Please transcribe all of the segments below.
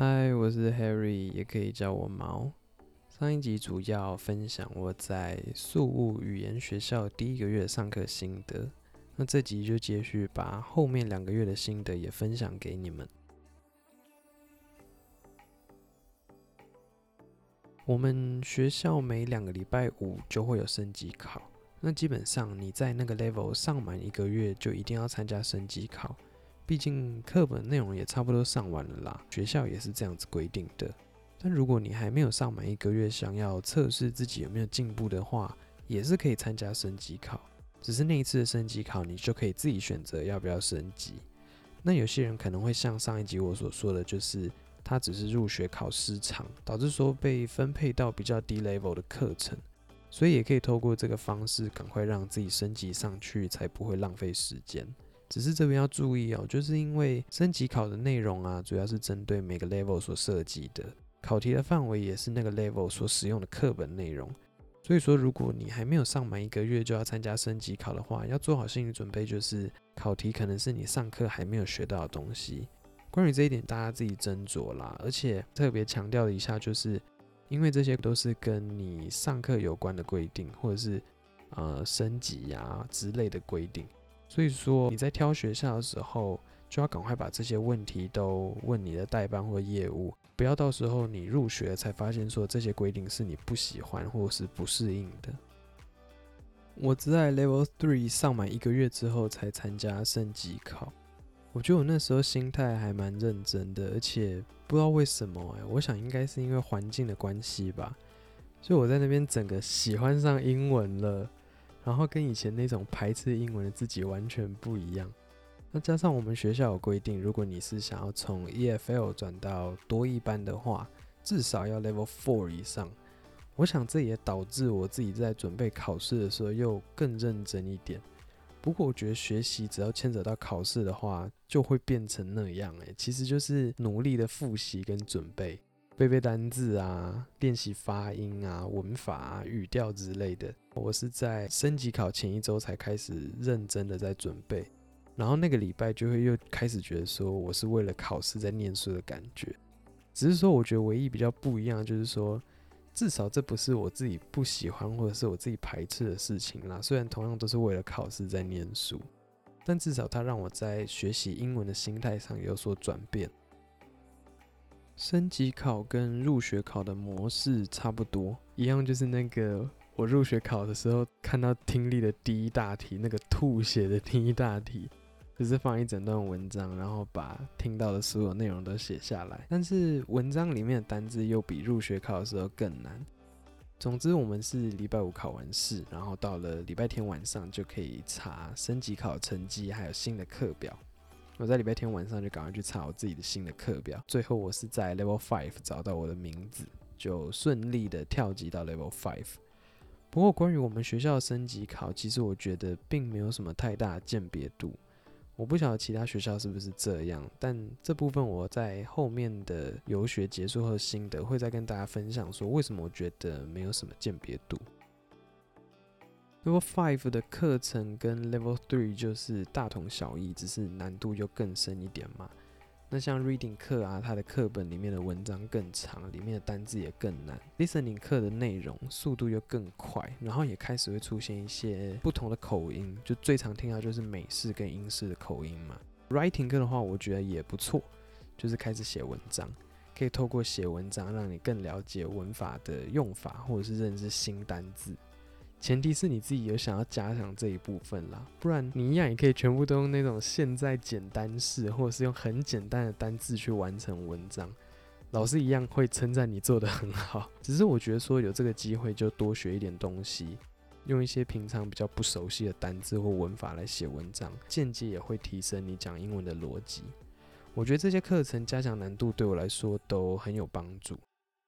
嗨，我是 Harry，也可以叫我毛。上一集主要分享我在宿霧語言學校第一個月的上課心得，那這集就繼續把後面兩個月的心得也分享給你們。我們學校每兩個禮拜五就會有升級考，那基本上你在那個 level 上滿一個月，就一定要參加升級考。畢竟課本內容也差不多上完了啦，學校也是這樣子規定的。但如果你還沒有上滿一個月，想要測試自己有沒有進步的話，也是可以參加升級考。只是那一次的升級考，你就可以自己選擇要不要升級。那有些人可能會像上一集我所說的，就是他只是入學考失常，導致說被分配到比較低 level 的課程，所以也可以透過這個方式趕快讓自己升級上去，才不會浪費時間。只是這邊要注意哦、喔，就是因為升級考的內容啊，主要是針對每個 level 所設計的，考題的範圍也是那個 level 所使用的課本內容。所以說，如果你還沒有上滿一個月就要參加升級考的話，要做好心理準備，就是考題可能是你上課還沒有學到的東西。關於這一點，大家自己斟酌啦。而且特別強調一下，就是因為這些都是跟你上課有關的規定，或者是呃升級呀、啊、之類的規定。所以說，你在挑學校的時候，就要趕快把這些問題都問你的代辦，或業務，不要到時候你入學才發現說這些規定是你不喜歡或是不適應的。我只在 Level Three 上滿一個月之後才參加升級考，我覺得我那時候心態還蠻認真的，而且不知道為什麼、欸、我想應該是因為環境的關係吧，所以我在那邊整個喜歡上英文了。然後跟以前那種排斥英文的自己完全不一樣。那加上我們學校有規定，如果你是想要從 EFL 轉到多一班的話，至少要 Level Four 以上。我想這也導致我自己在準備考試的時候又更認真一點。不過我覺得學習只要牽扯到考試的話，就會變成那樣欸。哎，其實就是努力的複習跟準備。背背單字啊，練習發音啊、文法啊、語調之類的。我是在升級考前一週才開始認真的在準備，然後那個禮拜就會又開始覺得說我是為了考試在念書的感覺。只是說，我覺得唯一比較不一樣的就是說，至少這不是我自己不喜歡或者是我自己排斥的事情啦。雖然同樣都是為了考試在念書，但至少它讓我在學習英文的心態上有所轉變。升級考跟入學考的模式差不多，一樣就是那個我入學考的時候看到聽力的第一大題，那個吐血的第一大題，就是放一整段文章，然後把聽到的所有內容都寫下來。但是文章裡面的單字又比入學考的時候更難。總之，我們是禮拜五考完試，然後到了禮拜天晚上就可以查升級考成績，還有新的課表。我在禮拜天晚上就趕快去查我自己的新的課表，最後我是在 Level Five 找到我的名字，就順利的跳級到 Level Five。不過關於我們學校的升級考，其實我覺得並沒有什麼太大鑑別度。我不曉得其他學校是不是這樣，但這部分我在後面的遊學結束和心得會再跟大家分享，說為什麼我覺得沒有什麼鑑別度。Level five 的課程跟 Level three 就是大同小異，只是難度又更深一點嘛。那像 Reading 課啊，它的課本裡面的文章更長，裡面的單字也更難。Listening 課的內容速度又更快，然後也開始會出現一些不同的口音，就最常聽到就是美式跟英式的口音嘛。Writing 課的話，我覺得也不錯，就是開始寫文章，可以透過寫文章讓你更了解文法的用法，或者是認識新單字。前提是你自己有想要加強這一部分啦，不然你一樣也可以全部都用那種現在簡單式，或者是用很簡單的單字去完成文章，老師一樣會稱讚你做得很好。只是我覺得說有這個機會就多學一點東西，用一些平常比較不熟悉的單字或文法來寫文章，間接也會提升你講英文的邏輯。我覺得這些課程加強難度對我來說都很有幫助，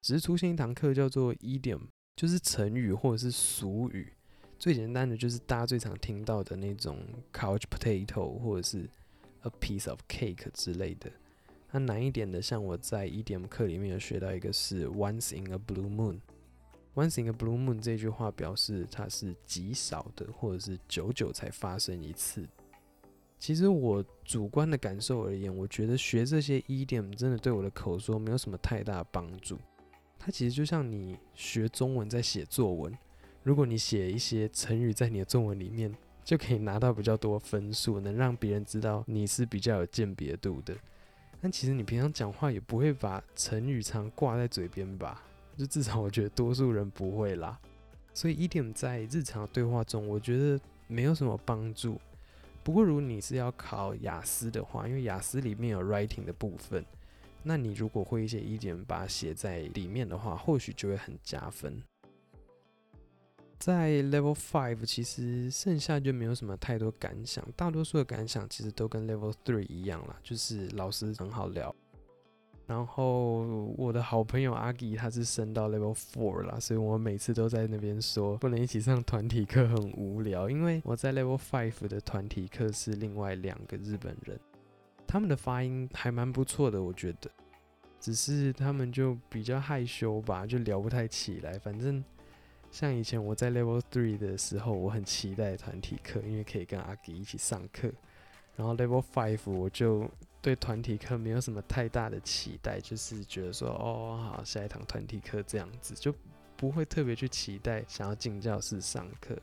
只是出現一堂課叫做 idiom。就是成語或者是俗語，最簡單的就是大家最常聽到的那種 couch potato 或者是 a piece of cake 之類的。它難一點的，像我在 idiom 課裡面有學到一個是 once in a blue moon。once in a blue moon 這句話表示它是極少的，或者是久久才發生一次。其實我主觀的感受而言，我覺得學這些 idiom 真的對我的口說沒有什麼太大的幫助。它其實就像你學中文在寫作文，如果你寫一些成語在你的中文裡面，就可以拿到比較多分數，能讓別人知道你是比較有鑑別度的。但其實你平常講話也不會把成語常掛在嘴邊吧？就至少我覺得多數人不會啦。所以一點在日常的對話中，我覺得沒有什麼幫助。不過如果你是要考雅思的話，因為雅思裡面有 writing 的部分。那你如果會一些意見，把它寫在裡面的話，或許就會很加分。在 Level Five，其實剩下就沒有什麼太多感想，大多數的感想其實都跟 Level Three 一樣啦，就是老師很好聊。然後我的好朋友阿吉，他是升到 Level Four 了，所以我每次都在那邊說，不能一起上團體課很無聊，因為我在 Level Five 的團體課是另外兩個日本人。他們的發音還蠻不錯的，我覺得，只是他們就比較害羞吧，就聊不太起來。反正像以前我在 Level Three 的時候，我很期待團體課，因為可以跟阿吉一起上課。然後 Level Five 我就對團體課沒有什麼太大的期待，就是覺得說，哦，好，下一堂團體課這樣子，就不會特別去期待想要進教室上課。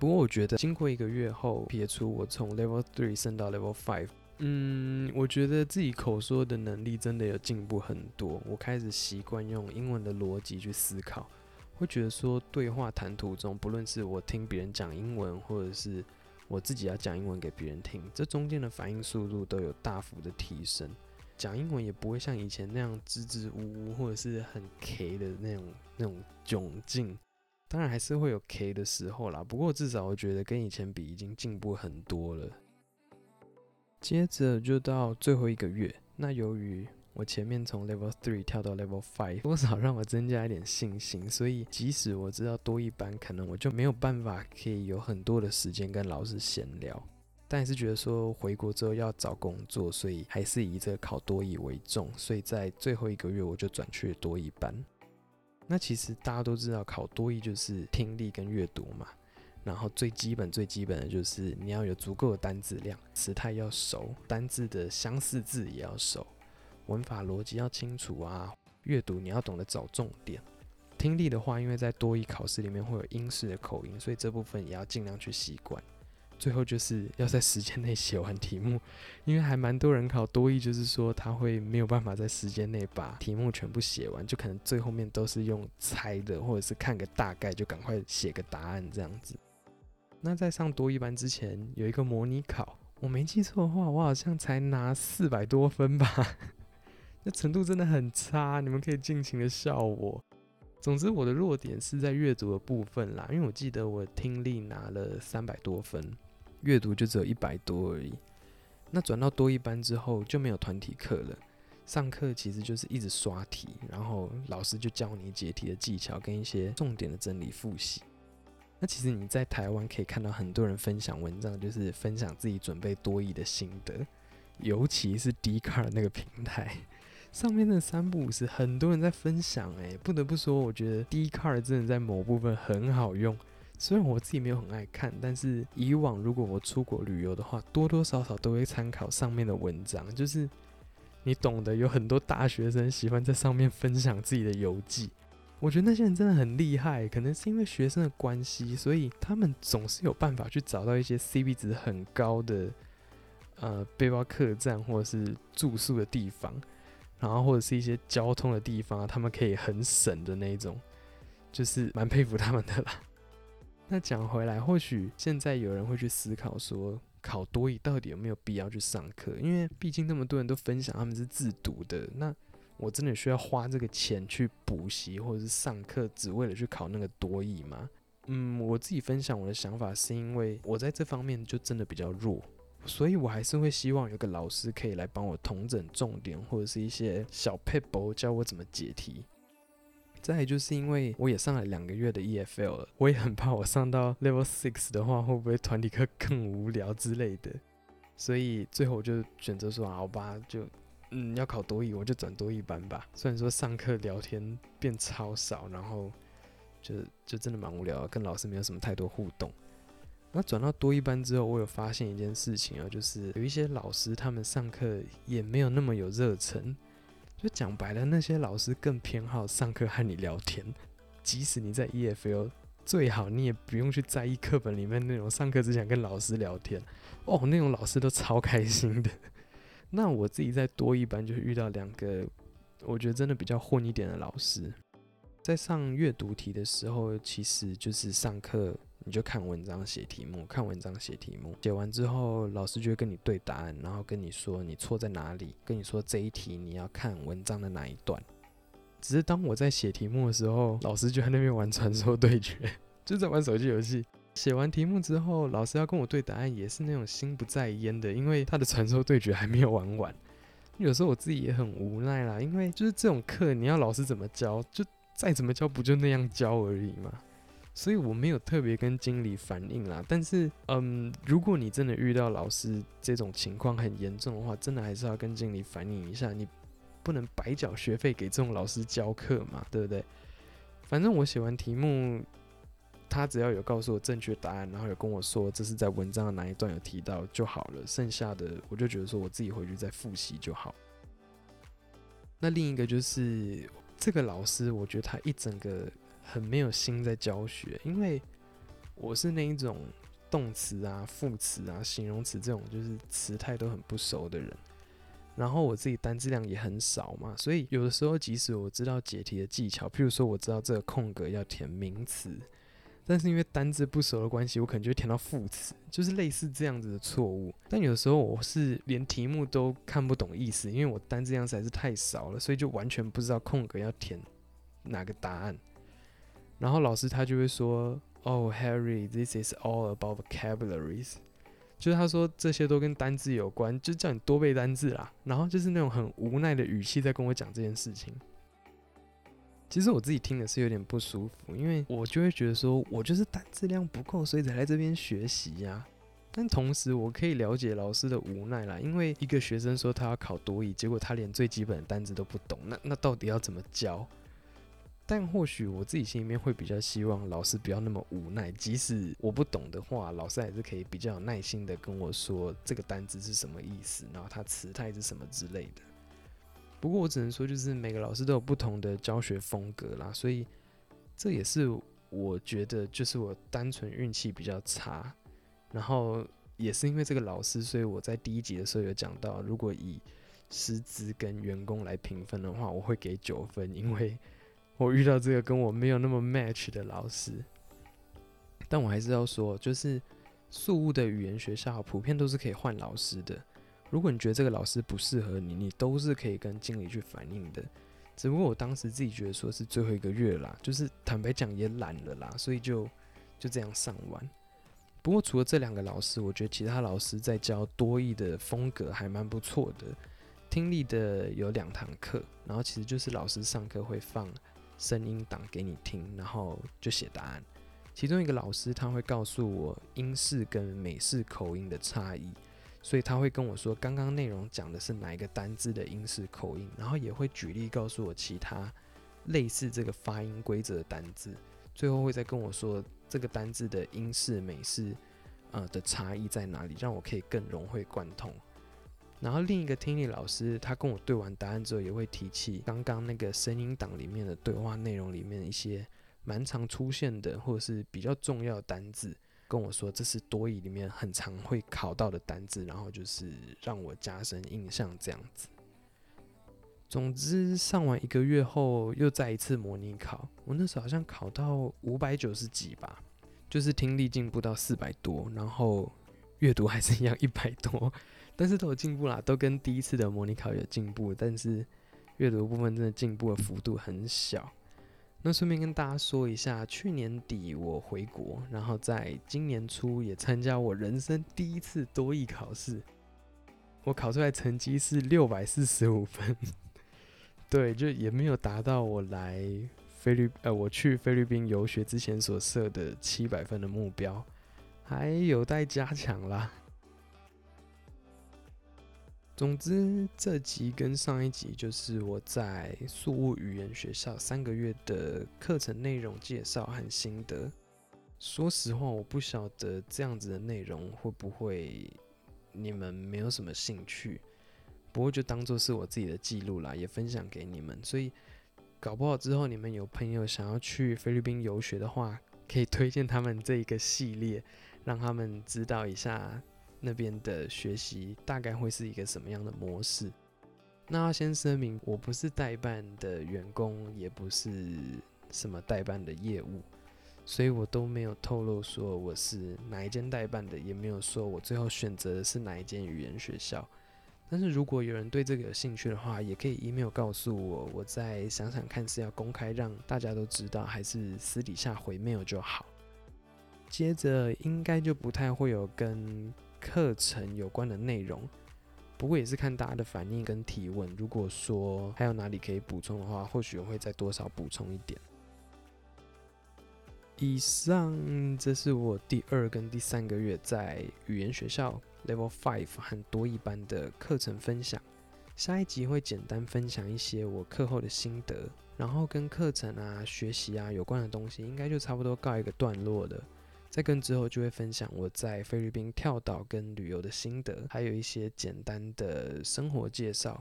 不過我覺得，經過一個月後，撇除我從 Level Three 升到 Level Five。嗯，我覺得自己口說的能力真的有進步很多。我開始習慣用英文的邏輯去思考，會覺得說，對話談吐中，不論是我聽別人講英文，或者是我自己要講英文給別人聽，這中間的反應速度都有大幅的提升。講英文也不會像以前那樣支支吾吾，或者是很 K 的那種那種窘境。當然還是會有 K 的時候啦，不過至少我覺得跟以前比已經進步很多了。接着就到最後一個月，那由於我前面從 Level Three 跳到 Level Five，多少讓我增加一點信心，所以即使我知道多益班，可能我就沒有辦法可以有很多的時間跟老師閒聊，但也是覺得說回國之後要找工作，所以還是以這個考多益為重，所以在最後一個月我就轉去了多益班。那其實大家都知道，考多益就是聽力跟閱讀嘛。然後最基本最基本的就是你要有足夠的單字量，時態要熟，單字的相似字也要熟，文法邏輯要清楚啊。閱讀你要懂得找重點，聽力的話，因為在多益考試裡面會有英式的口音，所以這部分也要盡量去習慣。最後就是要在時間內寫完題目，因為還蠻多人考多益就是說他會沒有辦法在時間內把題目全部寫完，就可能最後面都是用猜的，或者是看個大概就趕快寫個答案這樣子。那在上多一班之前有一個模擬考，我沒記錯的話，我好像才拿四百多分吧？ 那程度真的很差，你們可以盡情的笑我。總之我的弱點是在閱讀的部分啦，因為我記得我聽力拿了三百多分，閱讀就只有一百多而已。那轉到多一班之後就沒有團體課了，上課其實就是一直刷題，然後老師就教你解題的技巧跟一些重點的整理複習。其實你在台灣可以看到很多人分享文章，就是分享自己準備多益的心得，尤其是 Dcard 那個平台上面那三不五時，很多人在分享。哎，不得不說，我覺得 Dcard 真的在某部分很好用。雖然我自己沒有很愛看，但是以往如果我出國旅遊的話，多多少少都會參考上面的文章。就是你懂得，有很多大學生喜歡在上面分享自己的遊記。我覺得那些人真的很厲害，可能是因為學生的關係，所以他們總是有辦法去找到一些 CP 值很高的呃背包客棧或者是住宿的地方，然後或者是一些交通的地方，他們可以很省的那種，就是蠻佩服他們的啦。那講回來，或許現在有人會去思考說，考多益到底有沒有必要去上課？因為畢竟那麼多人都分享他們是自讀的，那。我真的需要花這個錢去補習或者是上課，只為了去考那個多義嗎？嗯，我自己分享我的想法是，因為我在這方面就真的比較弱，所以我還是會希望有個老師可以來幫我統整重點或者是一些小 p a p 教我怎麼解題。再來就是因為我也上了兩個月的 EFL 了，我也很怕我上到 Level Six 的話會不會團體課更無聊之類的，所以最後我就選擇說，啊，我吧，就。嗯，要考多益，我就轉多益班吧。雖然說上課聊天變超少，然後就就真的蠻無聊，跟老師沒有什麼太多互動。那轉到多益班之後，我有發現一件事情啊、喔，就是有一些老師他們上課也沒有那麼有熱忱。就講白了，那些老師更偏好上課和你聊天，即使你在 EFL，最好你也不用去在意課本裡面內容，上課只想跟老師聊天。哦，那種老師都超開心的。那我自己再多一班就遇到兩個，我覺得真的比較混一點的老師，在上閱讀題的時候，其實就是上課你就看文章寫題目，看文章寫題目，寫完之後老師就會跟你對答案，然後跟你說你錯在哪裡，跟你說這一題你要看文章的哪一段。只是當我在寫題目的時候，老師就在那邊玩傳說對決，就在玩手機遊戲。寫完題目之後，老師要跟我對答案，也是那種心不在焉的，因為他的傳說對決還沒有玩完，完。有時候我自己也很無奈啦，因為就是這種課，你要老師怎麼教，就再怎麼教，不就那樣教而已嘛。所以我沒有特別跟經理反映啦。但是，嗯，如果你真的遇到老師這種情況很嚴重的話，真的還是要跟經理反映一下。你不能白繳學費給這種老師教課嘛，對不對？反正我寫完題目，他只要有告訴我正確答案，然後有跟我說這是在文章的哪一段有提到就好了。剩下的我就覺得說我自己回去再複習就好。那另一個就是這個老師，我覺得他一整個很沒有心在教學，因為我是那一種動詞啊、副詞啊、形容詞這種就是詞態都很不熟的人，然後我自己單字量也很少嘛，所以有的時候即使我知道解題的技巧，譬如說我知道這個空格要填名詞。但是因為單字不熟的關係，我可能就會填到副詞，就是類似這樣子的錯誤。但有時候我是連題目都看不懂意思，因為我單字量實在是太少了，所以就完全不知道空格要填哪個答案。然後老師他就會說：“哦，Harry，this is all about vocabularies。”就是他說這些都跟單字有關，就叫你多背單字啦。然後就是那種很無奈的語氣在跟我講這件事情。其實我自己聽的是有點不舒服，因為我就會覺得說，我就是單字量不夠，所以才來這邊學習呀、啊。但同時，我可以了解老師的無奈啦，因為一個學生說他要考多益，結果他連最基本的單詞都不懂，那那到底要怎麼教？但或許我自己心裡面會比較希望老師不要那麼無奈，即使我不懂的話，老師還是可以比較有耐心的跟我說這個單詞是什麼意思，然後它詞態是什麼之類的。不過我只能說，就是每個老師都有不同的教學風格啦，所以這也是我覺得就是我單純運氣比較差，然後也是因為這個老師，所以我在第一集的時候有講到，如果以師資跟員工來評分的話，我會給九分，因為我遇到這個跟我沒有那麼 match 的老師，但我還是要說，就是宿霧的語言學校普遍都是可以換老師的。如果你覺得這個老師不適合你，你都是可以跟經理去反映的。只不過我當時自己覺得說是最後一個月啦，就是坦白講也懶了啦，所以就就這樣上完。不過除了這兩個老師，我覺得其他老師在教多益的風格還蠻不錯的。聽力的有兩堂課，然後其實就是老師上課會放聲音檔給你聽，然後就寫答案。其中一個老師他會告訴我英式跟美式口音的差異。所以他會跟我說，剛剛內容講的是哪一個單字的英式口音，然後也會舉例告訴我其他類似這個發音規則的單字，最後會再跟我說這個單字的英式、美式，呃的差異在哪裡，讓我可以更融會貫通。然後另一個聽力老師，他跟我對完答案之後，也會提起剛剛那個聲音檔裡面的對話內容裡面一些蠻常出現的，或者是比較重要的單字。跟我說，這是多益裡面很常會考到的單字，然後就是讓我加深印象這樣子。總之，上完一個月後又再一次模擬考，我那時候好像考到五百九十幾吧，就是聽力進步到四百多，然後閱讀還是一樣一百多，但是都有進步啦，都跟第一次的模擬考有進步，但是閱讀部分真的進步的幅度很小。那順便跟大家說一下，去年底我回國，然後在今年初也參加我人生第一次多益考試，我考出來成績是六百四十五分，對，就也沒有達到我來菲律，呃，我去菲律賓遊學之前所設的七百分的目標，還有待加強啦。總之，這集跟上一集就是我在宿務語言學校三個月的課程內容介紹和心得。說實話，我不曉得這樣子的內容會不會你們沒有什麼興趣，不過就當做是我自己的記錄啦，也分享給你們。所以，搞不好之後你們有朋友想要去菲律賓遊學的話，可以推薦他們這一個系列，讓他們知道一下。那邊的學習大概會是一個什麼樣的模式？那要先聲明，我不是代辦的員工，也不是什麼代辦的業務，所以我都沒有透露說我是哪一間代辦的，也沒有說我最後選擇的是哪一間語言學校。但是如果有人對這個有興趣的話，也可以 email 告訴我，我再想想看是要公開讓大家都知道，還是私底下回 email 就好。接着應該就不太會有跟。課程有關的內容，不過也是看大家的反應跟提問。如果說還有哪裡可以補充的話，或許我會再多少補充一點。以上，這是我第二跟第三個月在語言學校 Level Five 很多一班的課程分享。下一集會簡單分享一些我課後的心得，然後跟課程啊、學習啊有關的東西，應該就差不多告一個段落了。在跟之後就會分享我在菲律賓跳島跟旅遊的心得，還有一些簡單的生活介紹。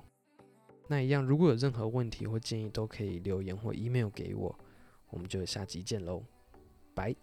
那一樣，如果有任何問題或建議，都可以留言或 email 給我。我們就下集見嘍，拜。